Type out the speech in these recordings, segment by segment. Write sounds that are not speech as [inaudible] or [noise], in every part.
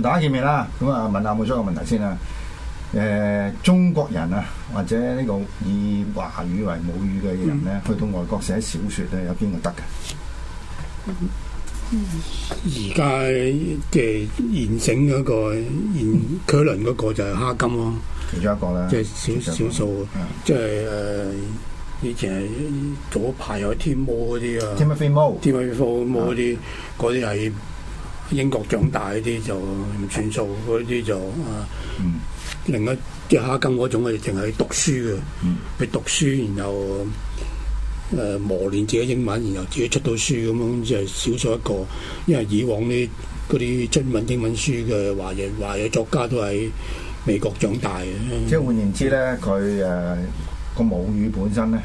大家見面啦？咁啊，問下冇錯嘅問題先啦。誒，中國人啊，或者呢個以華語為母語嘅人咧，去到外國寫小說咧，有邊個得㗎？而家嘅現成嗰個，現凱倫嗰個就係哈金咯。其中一個咧，即係少少數，即係誒以前係左派有天魔嗰啲啊，添啊魔，毛，添啊肥毛嗰啲，嗰啲係。英國長大嗰啲就唔算數，嗰啲的就啊，嗯、另一即係哈金嗰種，係淨係讀書嘅，佢、嗯、讀書，然後誒、呃、磨練自己英文，然後自己出到書咁樣，就少數一個。因為以往咧嗰啲中文英文書嘅華人華裔作家都喺美國長大嘅。即係換言之咧，佢誒個母語本身咧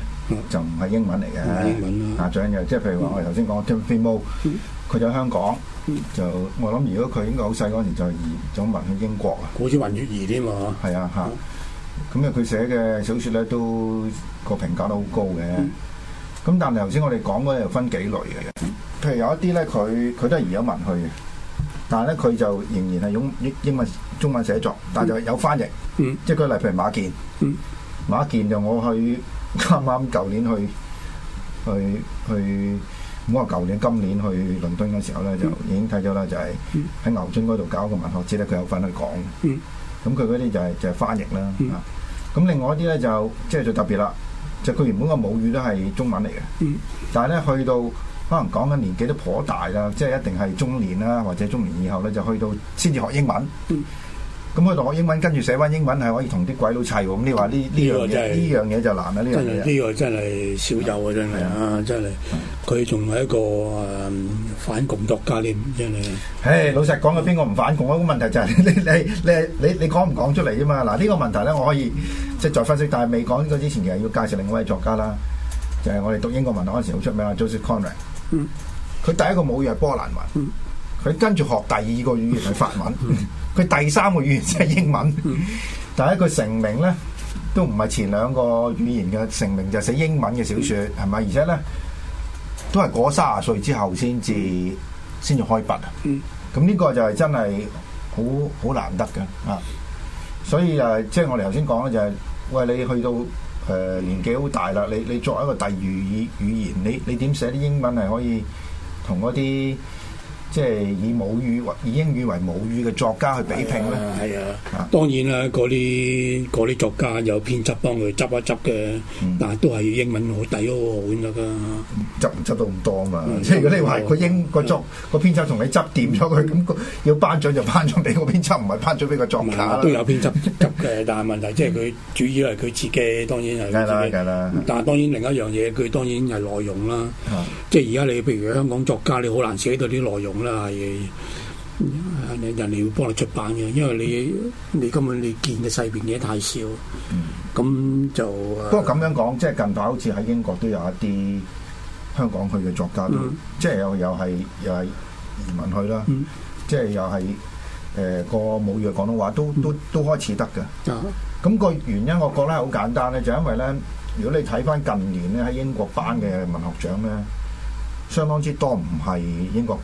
就唔係英文嚟嘅。啊、英文亞長嘅，即係、啊、譬如話我哋頭先講 Timothy Mo，佢就、嗯、喺香港。就我諗，如果佢應該好細嗰時就移，就移咗民去英國古嘛啊。好似云月兒啲嘛，係啊吓。咁啊，佢寫嘅小說咧，都個評價都好高嘅。咁、嗯、但係頭先我哋講嗰又分幾類嘅，譬如有一啲咧，佢佢都係移咗民去，嘅，但係咧佢就仍然係用英英文、中文寫作，但係就有翻譯。嗯、即係佢例，譬如馬健，嗯、馬健就我去啱啱舊年去去去。去去咁我舊年今年去倫敦嘅時候咧，嗯、就已經睇咗啦，就係喺牛津嗰度搞一個文學節咧，佢有份去講。咁佢嗰啲就係、是、就係、是、翻譯啦。咁、嗯啊、另外一啲咧就即係、就是、最特別啦，就佢、是、原本個母語都係中文嚟嘅。嗯、但係咧去到可能講緊年紀都頗大啦，即、就、係、是、一定係中年啦，或者中年以後咧，就去到先至學英文。嗯嗯咁佢同我英文，跟住寫翻英文係可以同啲鬼佬砌喎。咁你話呢呢樣嘢？呢樣嘢就難啦。呢樣嘢呢個真係少有啊！真係啊！真係佢仲係一個反共作家添。真係。誒，老實講啊，邊個唔反共啊？個問題就係你你你你你講唔講出嚟啫嘛。嗱，呢個問題咧，我可以即係再分析。但係未講呢個之前，其實要介紹另外一位作家啦。就係我哋讀英國文學嗰陣時好出名啊，Joseph Conrad。佢第一個母語係波蘭文，佢跟住學第二個語言係法文。佢第三個語言即係英文，但係佢成名咧都唔係前兩個語言嘅成名，就係、寫英文嘅小説係咪？而且咧都係過三十歲之後先至先至開筆啊。咁呢個就係真係好好難得嘅啊。所以誒、啊，即係我哋頭先講咧，就係喂，你去到誒年紀好大啦，你你作一個第二語語言，你你點寫啲英文係可以同嗰啲？即係以母語或以英文為母語嘅作家去比拼咧？係啊，當然啦，嗰啲啲作家有編輯幫佢執一執嘅，但係都係英文好抵好咁樣噶執唔執到咁多啊嘛？即係如果你話個英個作個編輯同你執掂咗佢咁，要頒獎就頒獎俾個編輯，唔係頒獎俾個作家啦。都有編輯執嘅，但係問題即係佢主要係佢自己，當然係啦，但係當然另一樣嘢，佢當然係內容啦。即係而家你譬如香港作家，你好難寫到啲內容。啦，係人哋會幫你出版嘅，因為你你根本你見嘅世面嘢，太少，咁就不過咁樣講，即係近排好似喺英國都有一啲香港去嘅作家，都即係又又係又係移民去啦，即係又係誒個母語係廣東話，都都都開始得嘅。咁個原因，我覺得係好簡單咧，就因為咧，如果你睇翻近年咧喺英國頒嘅文學獎咧，相當之多唔係英國。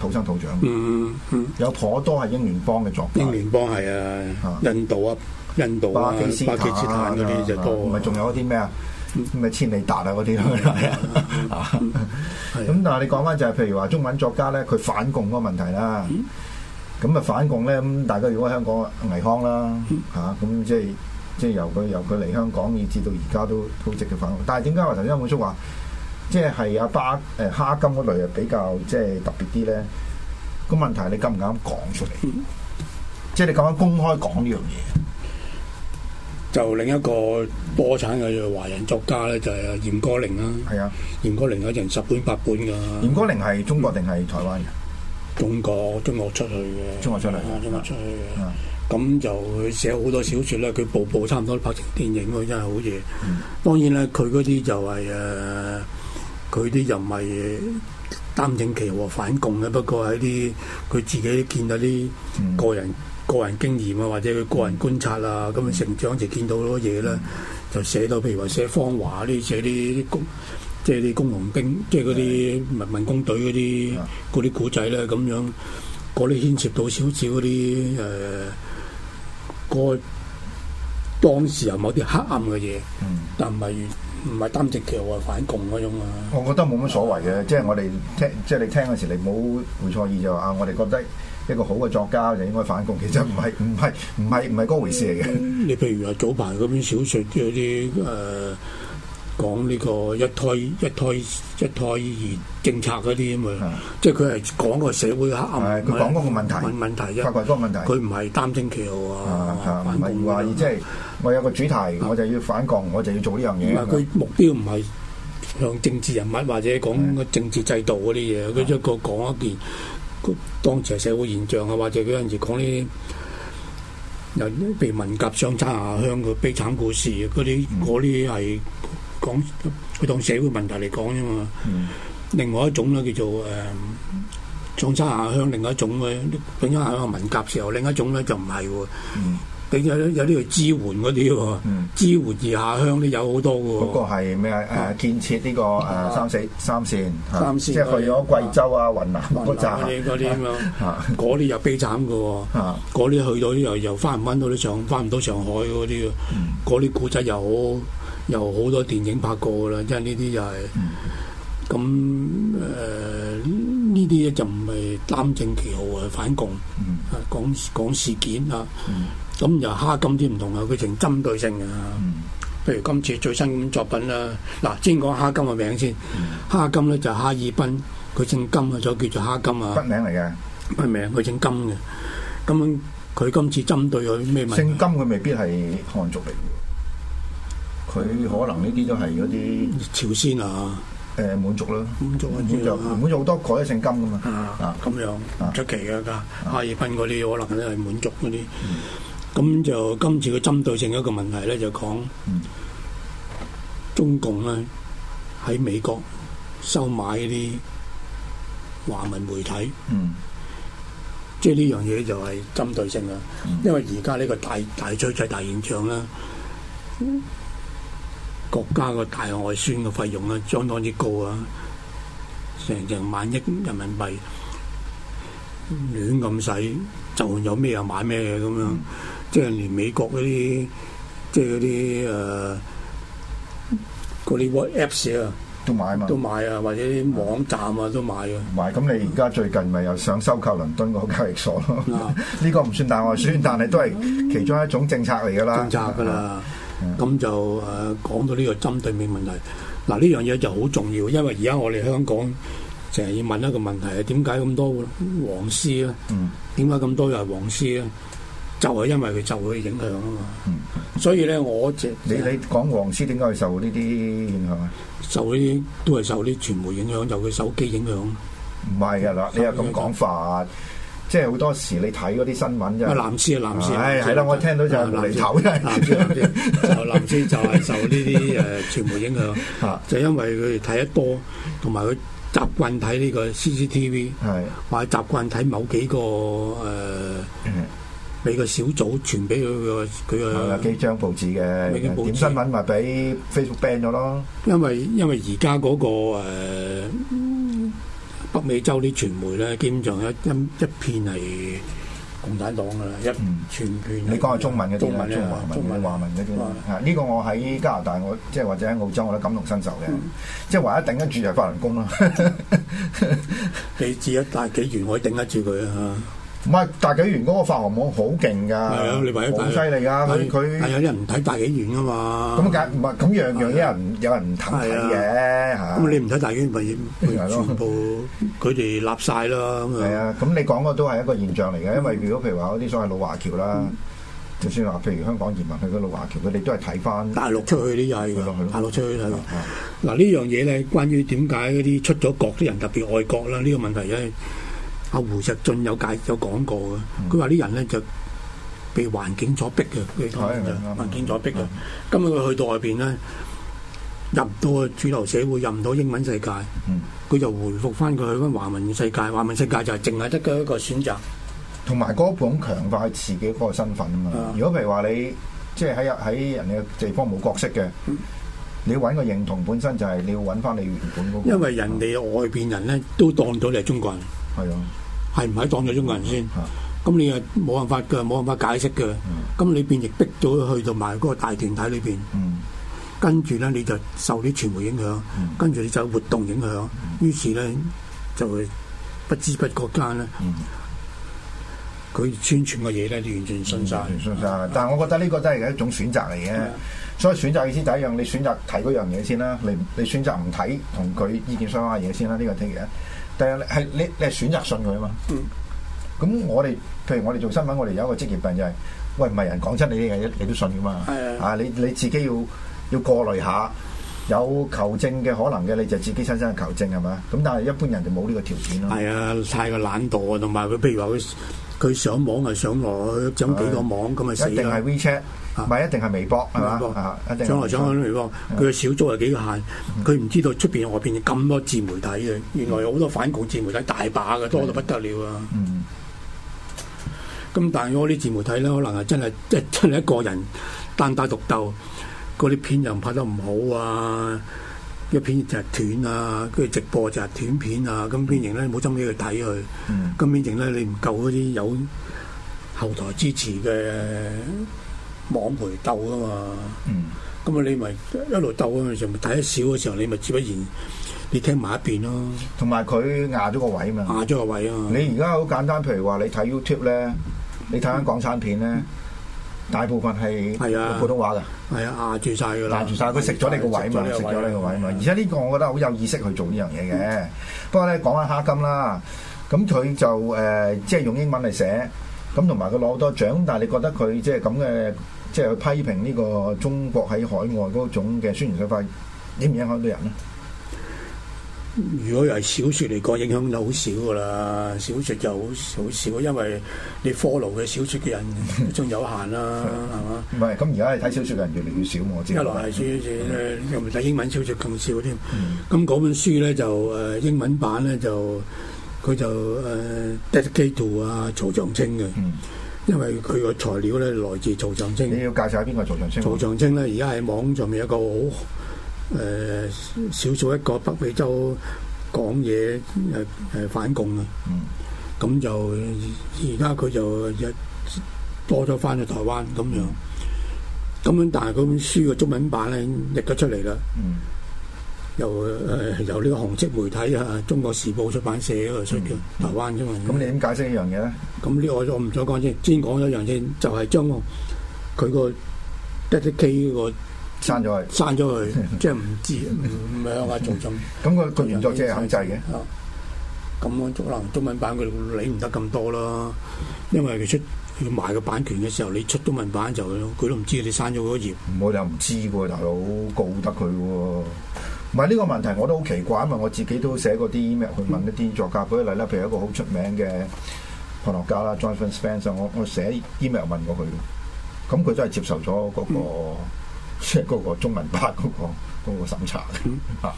土生土長，嗯嗯有頗多係英聯邦嘅作家，英聯邦係啊印，印度啊，印度、巴基斯坦嗰啲就多，咪仲有啲咩啊？咩千里達啊嗰啲咯，啊，咁但係你講翻就係、是、譬如話中文作家咧，佢反共嗰個問題啦，咁啊反共咧，咁大家如果香港倪匡啦，嚇咁即係即係由佢由佢嚟香港，以至到而家都都積極反共，但係點解話頭先我叔話？即係阿巴誒，哈金嗰類啊，比較即係特別啲咧。個問題你敢唔敢講出嚟？ [laughs] 即係你咁樣公開講呢樣嘢。就另一個波產嘅華人作家咧，就係嚴歌苓啦。係啊，嚴歌苓嗰陣十本八本噶。嚴歌苓係中國定係台灣嘅？中國，中國出去嘅。中國出去，中國出去。咁就佢寫好多小說咧，佢部部差唔多拍成電影咯，真係好嘢。嗯、當然啦、就是，佢嗰啲就係誒。呃呃呃佢啲又唔係擔正旗和反共嘅，不過係啲佢自己見到啲個人、嗯、個人經驗啊，或者佢個人觀察啊，咁樣成長就見到好多嘢啦，嗯、就寫到譬如話寫芳華啲寫啲工，即係啲工農兵，即係嗰啲民民工隊嗰啲啲古仔咧，咁、嗯、樣嗰啲牽涉到少少嗰啲誒，嗰、呃嗰個、當時又冇啲黑暗嘅嘢？嗯、但唔係。唔係擔正橋啊，反共嗰種啊！我覺得冇乜所謂嘅，嗯，即係我哋聽，即係你聽嗰時，你冇好會錯意就話我哋覺得一個好嘅作家就應該反共，其實唔係，唔係，唔係，唔係嗰回事嚟嘅，嗯。你譬如話早排嗰啲小説啲誒講呢個一胎、一胎、一胎二政策嗰啲咁嘛。嗯、即係佢係講個社會黑暗，佢、嗯、講嗰個問題問題啫，涉及嗰個問題佢唔係擔正橋啊，唔係話即係。我有個主題，我就要反共，我就要做呢樣嘢。佢目標唔係向政治人物或者講政治制度嗰啲嘢，佢一個講一件個當時社會現象啊，或者有陣時講啲有被文革上山下鄉嘅悲慘故事嗰啲，啲係講佢當社會問題嚟講啫嘛。嗯、另外一種咧，叫做誒上山下鄉，另外一種嘅上山下鄉文革時候，另一種咧就唔係喎。嗯有有啲叫支援嗰啲喎，支援而下鄉都有好多嘅、哦。嗰個係咩啊？誒建設呢、呢個誒、uh, 三四三線，啊三線啊、即係去咗貴州啊、啊雲南嗰啲嗰啲啊，嗰啲又悲慘嘅喎，嗰啲、啊、去又又到又又翻唔翻到啲上，翻唔到上海嗰啲嗰啲古仔又好，又好多電影拍過啦，即係呢啲就係咁誒呢啲就唔係擔正旗號啊反共啊講事件啊。咁就哈金啲唔同啊，佢成針對性嘅。譬如今次最新作品啦，嗱先講哈金嘅名先。哈金咧就係哈爾濱，佢姓金啊，就叫做哈金啊。筆名嚟嘅，筆名佢姓金嘅。咁佢今次針對佢咩問題？姓金佢未必係漢族嚟嘅，佢可能呢啲都係嗰啲朝鮮啊，誒滿族啦，滿族啊，滿族好多改咗姓金噶嘛。咁樣出奇嘅，哈爾濱嗰啲可能咧係滿族嗰啲。嗯嗯。咁就今次嘅針對性一個問題咧，就講、嗯、中共咧喺美國收買啲華文媒體，即係呢樣嘢就係針對性啦。嗯、因為而家呢個大大趨勢大現象啦，嗯、國家個大外宣嘅費用咧相當之高啊，成成萬億人民幣亂咁使，就有咩就買咩嘢咁樣。嗯即係連美國嗰啲，即係嗰啲誒，嗰啲 a p p s 啊， 都買嘛，都買啊，或者啲網站啊，都買啊。買咁、嗯嗯、你而家最近咪又想收購倫敦 [laughs] 個交易所咯？呢個唔算大外宣，但係都係其中一種政策嚟噶啦。政策㗎啦。咁、嗯、就誒、啊、講到呢個針對性問題。嗱、啊、呢樣嘢就好重要，因為而家我哋香港成日要問一個問題係點解咁多黃絲咧？點解咁多又係黃絲咧？就係因為佢就會影響啊嘛，所以咧我即你你講黃絲點解會受呢啲影響啊？受呢啲都係受呢啲傳媒影響，就佢手機影響。唔係嘅嗱，你又咁講法，即係好多時你睇嗰啲新聞就藍絲啊藍絲，係啦，我聽到就係藍絲，就藍絲就係受呢啲誒傳媒影響，就因為佢哋睇得多，同埋佢習慣睇呢個 CCTV，或者習慣睇某幾個誒。俾個小組傳俾佢佢佢嘅幾張報紙嘅點新聞，咪俾 Facebook ban 咗咯？因為因為而家嗰個、呃、北美洲啲傳媒咧，基本上一一一片係共產黨噶啦，一唔全片。嗯、片你講下中文嘅中文、中華文、華文嗰啲嚇。呢、啊、個我喺加拿大，我即係或者喺澳洲，我都感同身受嘅。嗯、即係唯一頂得住就係法輪功咯。你至一大幾元，可以頂得住佢啊！唔係大紀元嗰個發行網好勁㗎，係啊，你話佢好犀利㗎，佢佢有啲人唔睇大紀元㗎嘛，咁解唔係咁樣樣啲人有人唔睇嘅嚇，咁你唔睇大紀元咪全部佢哋立晒啦，係啊，咁你講嘅都係一個現象嚟嘅，因為如果譬如話嗰啲所謂老華僑啦，就算話譬如香港移民去嗰老華僑，佢哋都係睇翻大陸出去啲嘢，大陸出去係啦，嗱呢樣嘢咧，關於點解嗰啲出咗國啲人特別愛國啦？呢個問題咧。阿胡石俊有解有講過嘅，佢話啲人咧就被環境所逼嘅，佢環境所逼嘅。今日佢去到外邊咧，入唔到主流社會，入唔到英文世界，佢就回覆翻佢去翻華文世界。華文世界就係淨係得嘅一個選擇，同埋嗰種強化自己嗰個身份啊嘛。如果譬如話你即係喺喺人哋嘅地方冇角色嘅，你要揾個認同本身就係你要揾翻你原本嗰個。因為人哋外邊人咧都當到你係中國人。係啊。係唔係當咗中國人先？咁、嗯、你又冇辦法嘅，冇辦法解釋嘅。咁、嗯、你便亦逼咗佢去到埋嗰個大團體裏邊。嗯、跟住咧你就受啲傳媒影響，嗯、跟住你就活動影響。嗯、於是咧就會不知不覺間咧，佢宣傳嘅嘢咧你完全信晒。嗯嗯、但係我覺得呢個都係一種選擇嚟嘅，嗯、所以選擇意思就係一樣，你選擇睇嗰樣嘢先啦。你你選擇唔睇同佢意見相反嘢先啦。呢、這個聽嘅。這個但係係你你係選擇信佢啊嘛，咁、嗯、我哋譬如我哋做新聞，我哋有一個職業病就係、是，喂唔係人講真你嘅嘢，你都信噶嘛，哎、呀 啊你你自己要要過濾下，有求證嘅可能嘅，你就自己親身去求證係咪啊？咁但係一般人就冇呢個條件咯，係啊、哎，太過懶惰啊，同埋佢譬如話佢佢上網啊上落整幾個網咁啊、哎、一定係 WeChat。唔係一定係微博係嘛？上來上去微博，佢嘅小眾又幾個限，佢唔吧知道出邊外邊咁多自媒體嘅，嗯、原來有好多反共自媒體大把嘅，多到不得了啊！咁、嗯、但係我啲自媒體咧，可能係真係即係出嚟一個人單打獨鬥，嗰啲片又拍得唔好啊，一、那個、片就係斷啊，跟、那、住、個、直播就係斷片啊，咁變成咧冇針機去睇佢，咁變成咧你唔夠嗰啲有後台支持嘅。網陪鬥啊嘛，咁啊、嗯嗯、你咪一路鬥啊嘛，仲睇得少嘅時候，你咪自不然你聽埋一邊咯、啊。同埋佢壓咗個位啊嘛，壓咗個位啊！你而家好簡單，譬如話你睇 YouTube 咧，你睇緊港產片咧，嗯嗯、大部分係係啊普通話㗎，係啊壓住晒㗎，壓住曬佢食咗你個位嘛，食咗你個位嘛。而且呢個我覺得好有意識去做呢樣嘢嘅。嗯嗯、不過咧講下哈金啦，咁佢就誒、呃、即係用英文嚟寫，咁同埋佢攞多獎，但係你覺得佢即係咁嘅。即係去批評呢個中國喺海外嗰種嘅宣傳手法，影唔影響到人咧？如果又係小説嚟講，影響就好少㗎啦。小説就好好少，因為你 follow 嘅小説嘅人仲有限啦，係嘛？唔係，咁而家係睇小説嘅人越嚟越少我知，係又咪睇英文小説咁少添。咁嗰本書咧就誒英文版咧就佢就誒 dedicated to 啊曹長青」嘅。因為佢個材料咧來自曹長青，你要介紹下邊個曹長青？曹長青咧，而家喺網上面有個好誒少數一個北美洲講嘢誒誒反共啊！咁、嗯、就而家佢就一多咗翻去台灣咁樣，咁樣、嗯、但係嗰本書嘅中文版咧譯咗出嚟啦。嗯由誒、呃、由呢個紅色媒體啊，《中國時報出版社》嗰度出嘅台灣啫嘛。咁、嗯嗯、你點解釋一樣嘢咧？咁呢，我我唔想講先。先講一樣先，就係、是、將佢個 delete key 嗰個刪咗去，刪咗佢，即係唔知，唔唔係向下做咁。咁佢佢唔再控制嘅。啊、嗯，咁啊，中南中文版佢理唔得咁多啦，因為佢出要賣個版權嘅時候，你出中文版就佢都唔知你刪咗幾多頁。嗯、我哋又唔知喎，大佬告得佢喎。唔係呢個問題，我都好奇怪因為，我自己都寫過啲 email 去問一啲作家。舉例啦，譬如一個好出名嘅法國家啦，Jonathan Spence 我我寫 email 問過佢，咁佢都係接受咗嗰、嗰個，即係嗰個中文版嗰、嗰個嗰審、嗰個、查嘅嚇。係啊、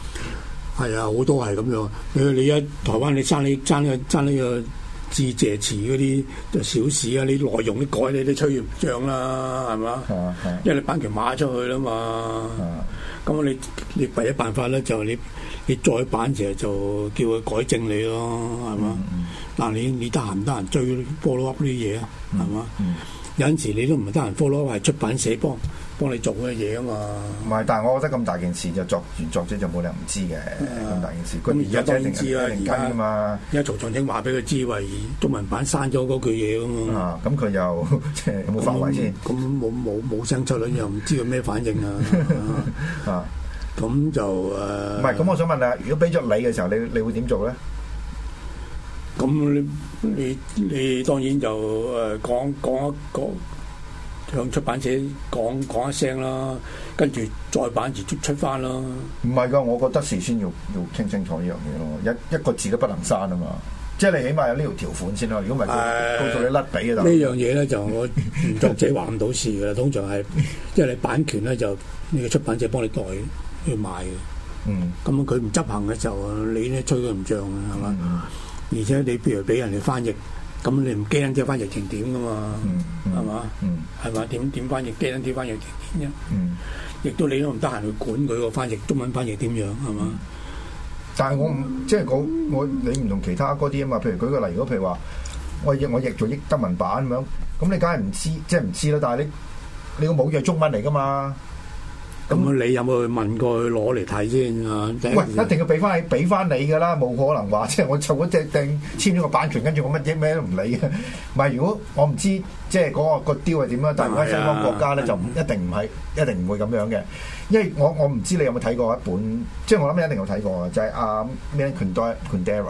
嗯 [laughs] 哎，好多係咁樣。誒，你,你,你喺台灣你爭呢爭呢爭呢個。致謝詞嗰啲就小事啊！你內容都改你都吹唔漲啦，係、啊啊、嘛？係係、啊，因為你版權賣出去啦嘛。咁你你第一辦法咧就係你你再版時就叫佢改正你咯，係嘛、嗯？嗯，但你你得閒唔得閒追 follow up 呢啲嘢啊，係嘛？有陣時你都唔係得閒 follow up，係出版社幫幫你做嘅嘢啊嘛，唔係，但係我覺得咁大件事就作完作者就冇理由唔知嘅咁大件事，佢而家當然知啦，而家嘛，而家曹長青話俾佢知，為中文版刪咗嗰句嘢啊嘛，咁佢又即係有冇反位先？咁冇冇冇聲出嚟又唔知佢咩反應啊？啊，咁就誒，唔係，咁我想問你，如果俾咗你嘅時候，你你會點做咧？咁你你你當然就誒講講一講。向出版社講講一聲啦，跟住再版字出出翻啦。唔係㗎，我覺得事先要要聽清清楚呢樣嘢咯，一一個字都不能刪啊嘛。即係你起碼有呢條條款先咯。如果唔係，告訴、哎、你甩底啊！呢樣嘢咧就我作者話唔到事嘅， [laughs] 通常係即係你版權咧就呢個出版社幫你代去賣嘅。買嗯，咁佢唔執行嘅時候，你咧吹佢唔脹嘅係嘛？不嗯、而且你譬如俾人哋翻譯。咁你唔驚啫，翻譯成點噶嘛？係嘛？係、啊、嘛？點點翻譯驚，點翻譯點樣？亦都你都唔得閒去管佢個翻譯，中文翻譯點樣？係嘛？但係我唔即係講我，我你唔同其他嗰啲啊嘛。譬如舉個例，如果譬如話我譯我譯做英德文版咁樣，咁你梗係唔知，即係唔知啦。但係你你個母語中文嚟噶嘛？咁你有冇去問過去攞嚟睇先啊？喂，一定要俾翻你，俾翻你噶啦，冇可能話即係我湊嗰隻訂簽咗個版權，跟住我乜嘢咩都唔理嘅。唔係，如果我唔知即係嗰個個雕係點樣，但係如果西方國家咧就一定唔係，一定唔會咁樣嘅。因為我我唔知你有冇睇過一本，即係我諗你一定有睇過啊，就係阿咩 Milan Kundera，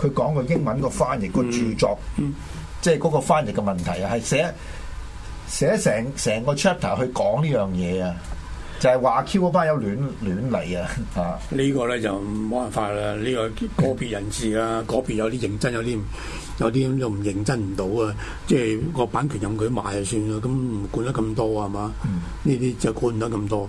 佢講個英文個翻譯個著作，即係嗰個翻譯嘅問題啊，係寫寫成成個 chapter 去講呢樣嘢啊。就係話 Q 嗰班有亂亂嚟啊！個呢個咧就冇辦法啦。呢、這個個別人士啊，個別有啲認真，有啲有啲咁就唔認真唔到啊。即係個版權任佢賣就算啦，咁唔管得咁多係嘛？呢啲、嗯、就管唔得咁多，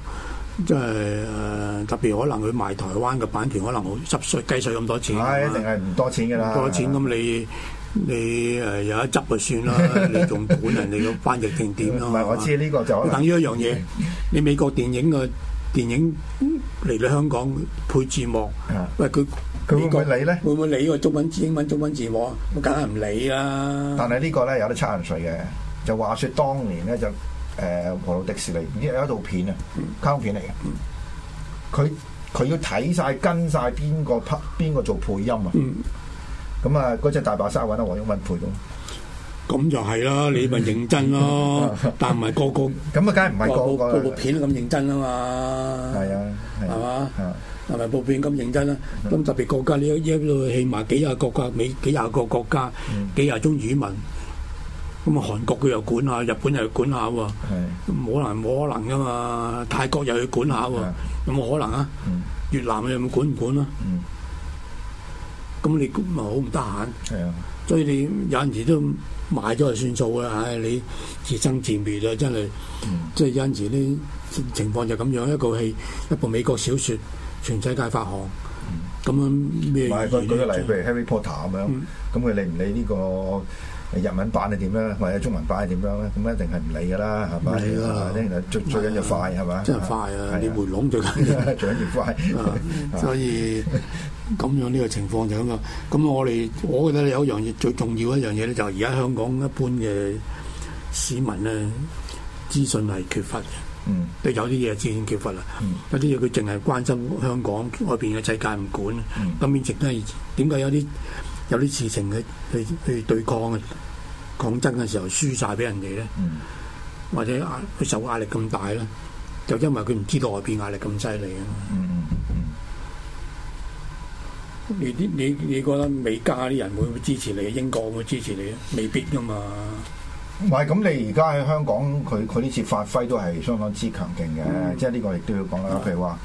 即係、呃、特別可能佢賣台灣嘅版權，可能好濕碎，計稅咁多錢。係、哎，一定係唔多錢㗎啦。多錢咁你？吧你誒有一執就算啦，你仲本人你要翻譯定點唔係我知呢，這個就等於一樣嘢。 [laughs] 你美國電影嘅電影嚟到香港配字幕。嗯、喂佢美國理咧，會唔會理個中文字、英文中文字幕？梗係唔理啦、啊嗯。但係呢個咧有得出人瑞嘅，就話說當年咧就誒和路迪士尼，呢知有一套片啊卡通片嚟嘅，佢佢、嗯、要睇晒，跟晒邊個拍，邊個做配音啊？嗯嗯咁啊，嗰隻大白鯊揾阿黃永文陪到。咁就係啦，你咪認真咯，但唔係個個咁啊，梗係唔係個個部片咁認真啊嘛？係啊，係嘛？係咪部片咁認真啦。咁特別國家呢一一路，起碼幾廿國家、美幾廿個國家、幾廿種語文，咁啊韓國佢又管下，日本又去管下喎，冇可能，冇可能噶嘛？泰國又去管下喎，有冇可能啊？越南你又唔管唔管啊？咁你咁啊好唔得閒，係啊，所以你有陣時都買咗就算數啦。唉，你自生自滅啊，真係，即係有陣時啲情況就咁樣，一個戲，一部美國小説，全世界發行，咁樣咩？舉個例，譬如 Harry Potter 咁樣，咁佢理唔理呢個日文版係點樣咧，或者中文版係點樣咧？咁一定係唔理噶啦，係咪？係啦，最緊要快係嘛，真係快啊！你回籠最緊要最緊要快，所以。咁樣呢個情況就咁樣。咁我哋，我覺得有一樣嘢最重要一樣嘢咧，就係而家香港一般嘅市民咧，資訊係缺乏嘅。嗯。都有啲嘢資訊缺乏啦。嗯、有啲嘢佢淨係關心香港外邊嘅世界唔管。嗯。咁邊直都係點解有啲有啲事情嘅去去，去對抗啊抗爭嘅時候輸晒俾人哋咧？嗯、或者壓佢受壓力咁大咧，就因為佢唔知道外邊壓力咁犀利啊！嗯嗯。.你啲你你覺得美加啲人會唔會支持你？英國會支持你咧？未必噶嘛。唔係咁，你而家喺香港，佢佢呢次發揮都係相當之強勁嘅，嗯、即係呢個亦都要講啦。譬如話，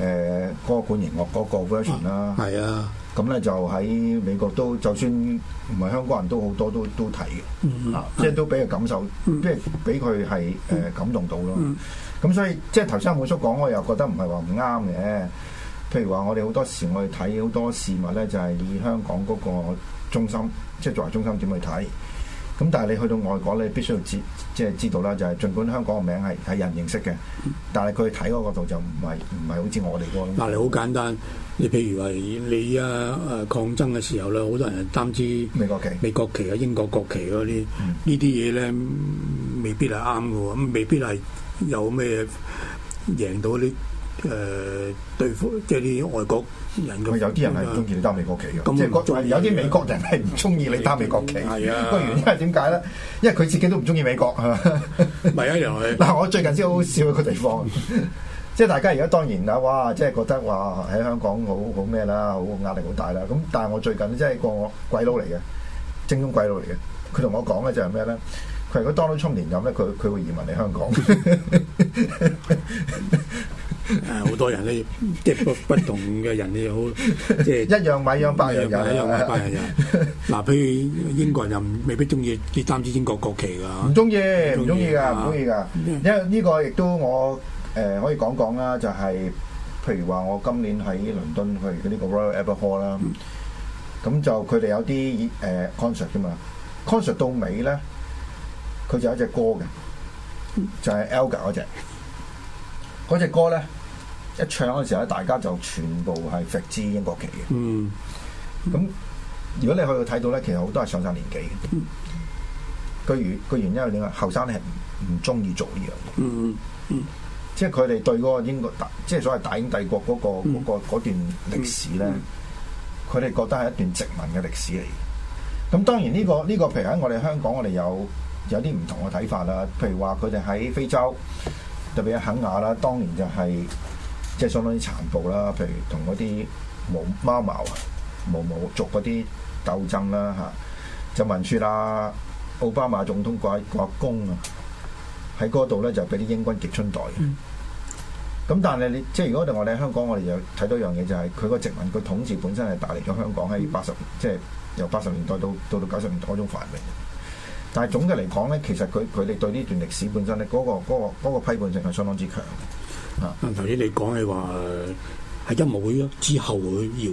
誒嗰的、呃那個、管弦樂嗰、那個 version 啦，係啊，咁咧就喺美國都，就算唔係香港人都好多都都睇嘅，即、啊、係、嗯、都俾佢感受，即係俾佢係誒感動到咯。咁、嗯嗯、所以即係頭先阿滿叔講，我又覺得唔係話唔啱嘅。譬如話，我哋好多時我哋睇好多事物咧，就係以香港嗰個中心，即係作為中心點去睇。咁但係你去到外國你必須要知，即係知道啦，就係儘管香港個名係係人認識嘅，但係佢睇嗰度就唔係唔係好似我哋個。嗱，你好簡單，你譬如話你依、啊、家抗爭嘅時候咧，好多人擔支美國旗、美國旗啊、英國國旗嗰啲、嗯、呢啲嘢咧，未必係啱嘅喎，未必係有咩贏到啲。誒、呃，對付即係啲外國人咁、嗯、有啲人係中意你擔美國旗嘅，啊、即係仲係有啲美國人係唔中意你擔美國旗。係啊的， [laughs] 因為點解咧？因為佢自己都唔中意美國係嘛，咪一樣嗱， [laughs] 我最近先好好笑一個地方， [laughs] 即係大家而家當然啊，哇，即係覺得話喺香港好好咩啦，好壓力好大啦。咁但係我最近真係個鬼佬嚟嘅，正宗鬼佬嚟嘅。佢同我講嘅就係咩咧？佢如果當到衝連任咧，佢、佢會移民嚟香港。 [laughs] 誒，好多人咧，即係不不同嘅人，你又好，即係一樣米養百樣人。一樣米養百樣人。嗱，譬如英國人就未必中意啲擔住英國國旗噶。唔中意，唔中意噶，唔中意噶。因為呢個亦都我誒可以講講啦，就係譬如話我今年喺倫敦去嗰啲個 Royal Albert Hall 啦，咁就佢哋有啲誒 concert 㗎嘛，concert 到尾咧，佢就有一隻歌嘅，就係 Elgar 嗰隻，嗰隻歌咧。一唱嗰陣時咧，大家就全部係揮支英國旗嘅。嗯，咁如果你去到睇到咧，其實好多係上曬年紀嘅。個原個原因係點啊？後生咧係唔唔中意做呢樣嘢，即係佢哋對嗰個英國即係所謂大英帝國嗰、嗰個、嗯、段歷史咧，佢哋覺得係一段殖民嘅歷史嚟。咁當然呢、呢個呢、呢個譬如喺我哋香港我，我哋有有啲唔同嘅睇法啦。譬如話佢哋喺非洲，特別係肯亞啦，當年就係、係。即係相當於殘暴啦，譬如同嗰啲毛貓毛、毛毛族嗰啲鬥爭啦嚇、啊，就雲舒啦，奧巴馬總統個阿公啊，喺嗰度咧就俾啲英軍極春袋嘅。咁、嗯、但係你即係如果我哋喺香港，我哋又睇到一樣嘢就係佢個殖民佢統治本身係帶嚟咗香港喺八十，即係由八十年代到到到九十年代嗰種繁榮。但係總嘅嚟講咧，其實佢佢哋對呢段歷史本身咧嗰、那個嗰、那個嗰、那個那個批判性係相當之強。啊！頭先你講係話係音樂會咯，之後佢搖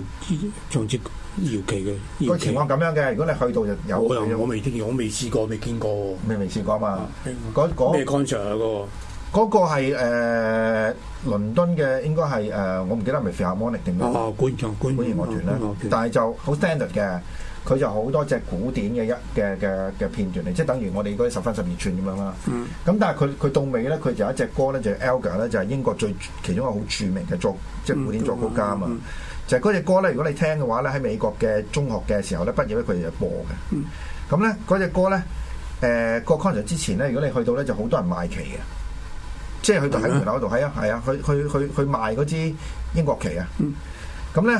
唱節搖旗嘅。個情況咁樣嘅，如果你去到就有。我又我未聽，我未試過，未見過。未未試過嘛？嗰嗰咩乾場啊？嗰個嗰個係誒倫敦嘅，應該係誒我唔記得係咪 Philharmonic 定咩？哦，管弦管弦樂團啦，但係就好 standard 嘅。佢就好多隻古典嘅一嘅嘅嘅片段嚟，即係、 [music] 就是、等於我哋嗰啲十分十二寸咁樣啦。咁、mm. 但係佢佢到尾咧，佢就有一隻歌咧，就係、是、Elgar 咧，就係英國最其中一個好著名嘅作，即、就、係、是、古典作曲家啊嘛。Mm. 就係嗰隻歌咧，如果你聽嘅話咧，喺美國嘅中學嘅時候咧，畢業咧佢哋就播嘅。咁咧嗰隻歌咧，誒個 concert 之前咧，如果你去到咧，就好多人賣旗嘅，即係去到喺門口度，係、mm hmm. [music] 啊係啊，啊，啊，去去去去賣嗰支英國旗啊。咁咧。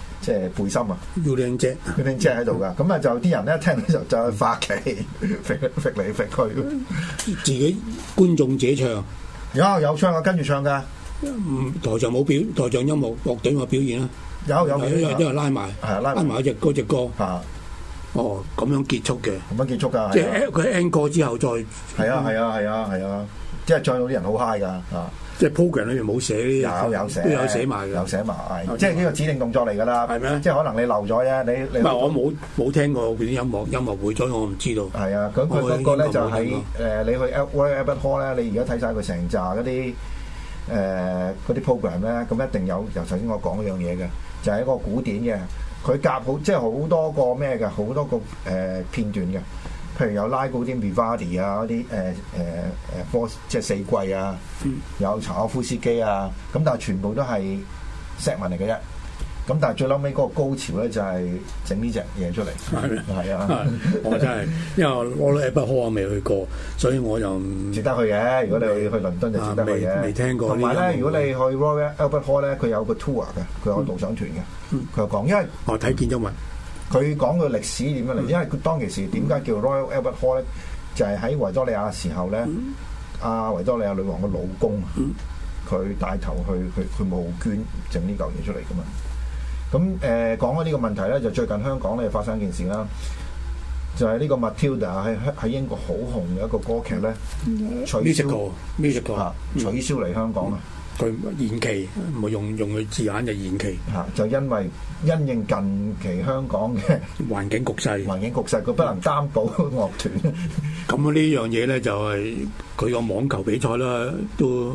即係背心啊，有兩隻，有兩隻喺度噶。咁啊，就啲人咧，一聽咧就就去花旗，揈嚟揈去。自己觀眾者唱，有有唱啊，跟住唱噶。台上冇表，台上音樂樂隊嘅表演啦。有有有有，因為拉埋，係啊，拉埋嗰隻隻歌。啊，哦，咁樣結束嘅，咁樣結束噶，即係佢 end 之後再。係啊係啊係啊係啊，即係再有啲人好 high 噶啊！即係 program 裏面冇寫，有有寫，都有寫埋嘅，有寫埋。即係呢個指定動作嚟㗎啦。係咩？即係可能你漏咗啫。你你唔係我冇冇聽過佢啲音樂，音樂會所以我唔知道。係啊，咁佢嗰個咧就喺誒，你去 Albert Albert Hall 咧，你而家睇曬佢成扎嗰啲誒嗰啲 program 咧，咁一定有由頭先我講樣嘢嘅，就係一個古典嘅，佢夾好即係好多個咩㗎，好多個誒片段㗎。譬如有拉古啲 Vivaldi 啊，嗰啲誒誒誒 four 即係四季啊，嗯、有柴可夫斯基啊，咁但係全部都係 set 文嚟嘅啫。咁但係最後尾嗰個高潮咧就係整呢隻嘢出嚟。係嗎啊， [laughs] 我真係因為我，我 Albert Hall 我未去過，所以我就值得去嘅。如果你去去倫敦就值得去嘅。未、啊、聽過。同埋咧，如果你去 Royal Albert Hall 咧，佢有個 tour 嘅，佢有導賞團嘅。佢又講，因為我睇建築物。嗯啊。佢講嘅歷史點樣嚟？因為當其時點解叫 Royal Albert Hall 咧，就係、是、喺維多利亞時候咧，阿、嗯啊、維多利亞女王嘅老公，佢、嗯、帶頭去去去募捐，整呢嚿嘢出嚟㗎嘛。咁誒、呃、講開呢個問題咧，就最近香港咧發生一件事啦，就係、是、呢個 Matilda 喺喺英國好紅嘅一個歌劇咧，取消，mm hmm. 取消嚟、mm hmm. 香港啊！Mm hmm. 佢延期，冇用用佢字眼就延期。嚇，就因為因應近期香港嘅環境局勢，環境局勢佢不能擔保樂團。咁 [laughs] 啊呢樣嘢咧就係佢個網球比賽啦，都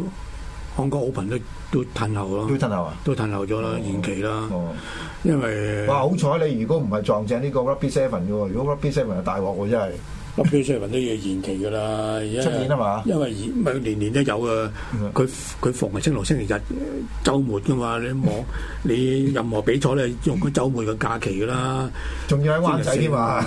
香港 Open 都都褪後咯，都褪後啊，都褪後咗啦，延期啦、哦嗯。哦，因為哇，好彩你如果唔係撞正呢個 Rugby Seven 嘅，如果 Rugby Seven 又大鑊喎，真係。咁呢出嚟運都要延期噶啦，因嘛？因為年咪年年都有啊。佢佢逢係星期六、星期日、週末噶嘛。你網你任何比賽咧用佢週末嘅假期噶啦。仲要喺灣仔添四啊，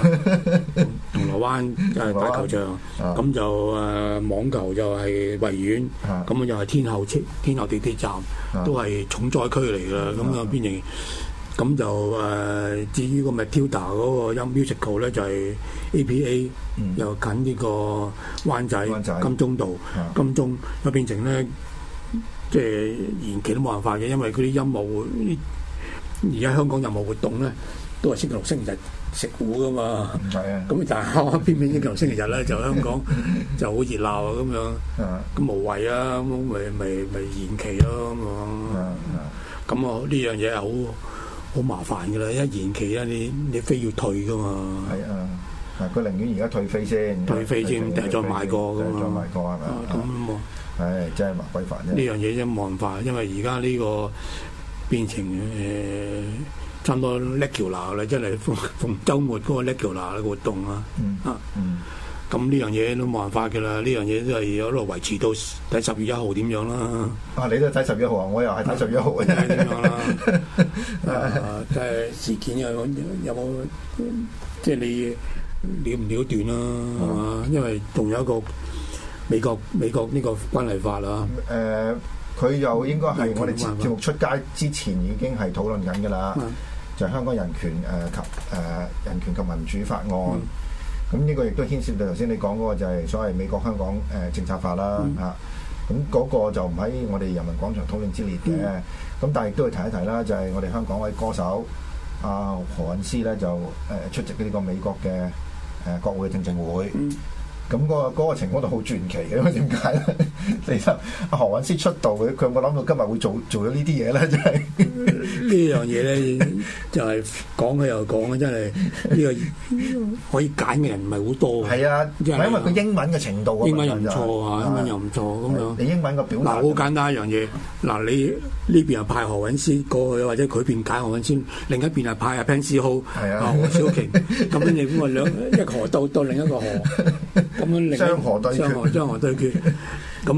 銅鑼灣誒 [laughs] 大球場，咁、啊、就誒、啊、網球就係維園，咁又係天后天後地鐵站、啊、都係重災區嚟噶，咁啊，啊邊營？咁就誒，至於個 Matilda 嗰個音 musical 咧，就係 APA 又近呢個灣仔、金鐘道、金鐘，咁變成咧即係延期都冇辦法嘅，因為佢啲音樂而家香港有冇活動咧，都係星期六、星期日食鼓噶嘛。咁就係偏偏星期六、星期日咧，就香港就好熱鬧啊，咁樣咁無謂啊，咁咪咪咪延期咯咁樣。咁我呢樣嘢係好。好麻煩噶啦，一延期啊，你你非要退噶嘛？係啊，佢寧願而家退飛先，退飛先，定係再買過咁再買過係嘛？咁唉、啊，啊哎、真係麻鬼煩啫！呢樣嘢真係冇辦法，因為而家呢個變成誒、呃，差唔多 regular 啦，真係逢逢周末嗰個 regular 嘅活動啊，啊、嗯，嗯。啊咁呢樣嘢都冇辦法噶啦，呢樣嘢都係一路維持到睇十月一號點樣啦。啊，你都睇十月一號啊？我又係睇十月一號嘅。啊，即係、 [laughs] [laughs] 啊、事件有有冇即係你了唔了斷啦、啊？係嘛、嗯？因為仲有一個美國美國呢個關係法啦、啊。誒、嗯，佢、呃、又應該係我哋節目出街之前已經係討論緊噶啦。嗯。就香港人權誒及誒人權及民主法案。嗯咁呢個亦都牽涉到頭先你講嗰個就係所謂美國香港誒政策法啦嚇，咁嗰、嗯啊嗰個就唔喺我哋人民廣場討論之列嘅，咁、嗯、但係亦都要提一提啦，就係我哋香港位歌手阿、啊、何韻詩咧就誒出席呢個美國嘅誒國會聽證會。嗯嗯咁嗰個個情況度好傳奇嘅，因為點解咧？其實阿何韻詩出道嘅，佢有冇諗到今日會做做咗呢啲嘢咧？真係呢樣嘢咧，就係講佢又講真係呢個可以揀嘅人唔係好多嘅。係啊，因為佢英文嘅程度，英文又唔錯啊，英文又唔錯咁樣。你英文嘅表達好簡單一樣嘢，嗱你呢邊又派何韻詩過去，或者佢邊揀何韻詩，另一邊又派阿潘之昊、阿何小琪，咁 [laughs] 你咁啊兩個一河到到另一個河。 [laughs] 咁雙河對決，雙河對決，咁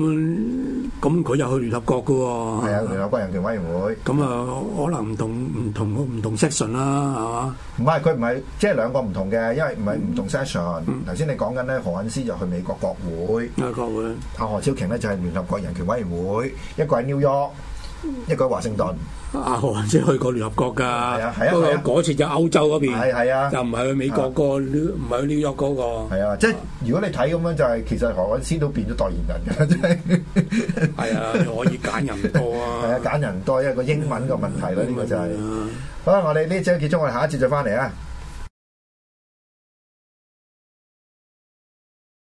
咁佢又去聯合國噶喎。係 [laughs] 啊，聯合國人權委員會。咁啊、嗯嗯嗯嗯，可能唔同唔同唔同 section 啦，係嘛？唔係佢唔係即係兩個唔同嘅，因為唔係唔同 section、嗯。頭、嗯、先你講緊咧，何韻詩就去美國國會。啊，國會。何、啊、超瓊咧就係聯合國人權委員會，一個喺 New York，一個喺華盛頓。阿何韻詩去過聯合國㗎，不過嗰次就歐洲嗰邊，又唔係去美國個，唔係去 New York 嗰個。係啊，即係如果你睇咁樣，就係其實何韻詩都變咗代言人嘅。係啊，可以揀人多啊。係啊，揀人多，因為個英文個問題啦，呢個就係。好啦，我哋呢節結束，我哋下一節再翻嚟啊。